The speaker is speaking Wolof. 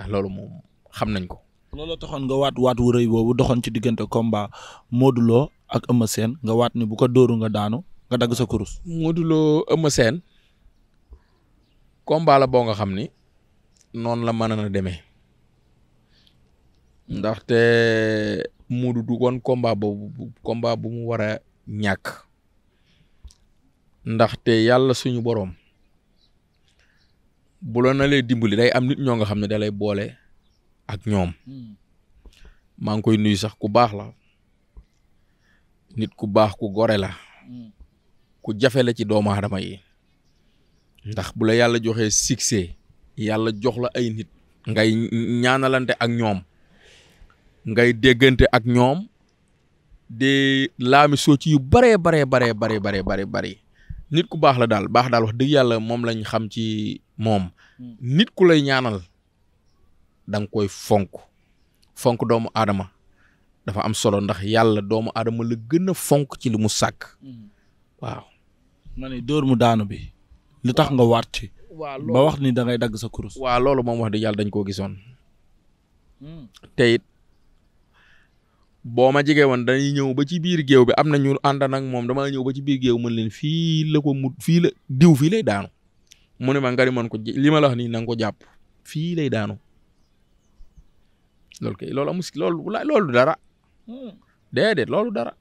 Ah, loolu moom xam nañ ko. looloo taxoon nga waat waat wu rëy boobu doxoon ci diggante komba Modou ak Eumeu Sène nga waat ni bu ko dóoru nga daanu nga dagg sa kurus. Modou Lo Eumeu Sène la boo nga xam ni noonu la mën na deme ndaxte Modou du woon combat boobu bu mu war a ñàkk ndaxte yàlla suñu boroom bu la na lay dimbali day am nit ñoo nga xam ne dalay boole ak ñoom hmm. maa ngi koy nuyu sax ku baax la nit ku baax ku gore la hmm. ku jafe la ci doomu aadama yi ndax bu la yàlla joxee succès yàlla jox la ay nit ngay ñaanalante ak ñoom ngay déggante ak ñoom di laami soo ci yu baree baree baree baree baree baree nit ku baax la daal baax daal wax dëgg yàlla moom lañ xam ci moom. Hmm. nit ku lay ñaanal da koy fonk fonk doomu aadama dafa am solo ndax yàlla doomu aadama la gën a fonk ci li mu sàkk. Hmm. waaw. ma ne dóor mu daanu bi. lu tax nga waat ci. ba wax ni dangay dagg sa kurus. waaw loolu moom wax dëgg yàlla dañ koo gisoon. Hmm. te boo ma jege woon dañuy ñëw ba ci biir géew bi am na ñu ànd nag moom damaa ñëw ba ci biir géew mën leen fii la ko mu fii la diw fii lay daanu mu ne ma nga man ko li ma la wax nii na nga ko jàpp fii lay daanu loolu kay loolu amus loolu loolu dara hmm. déedéet loolu dara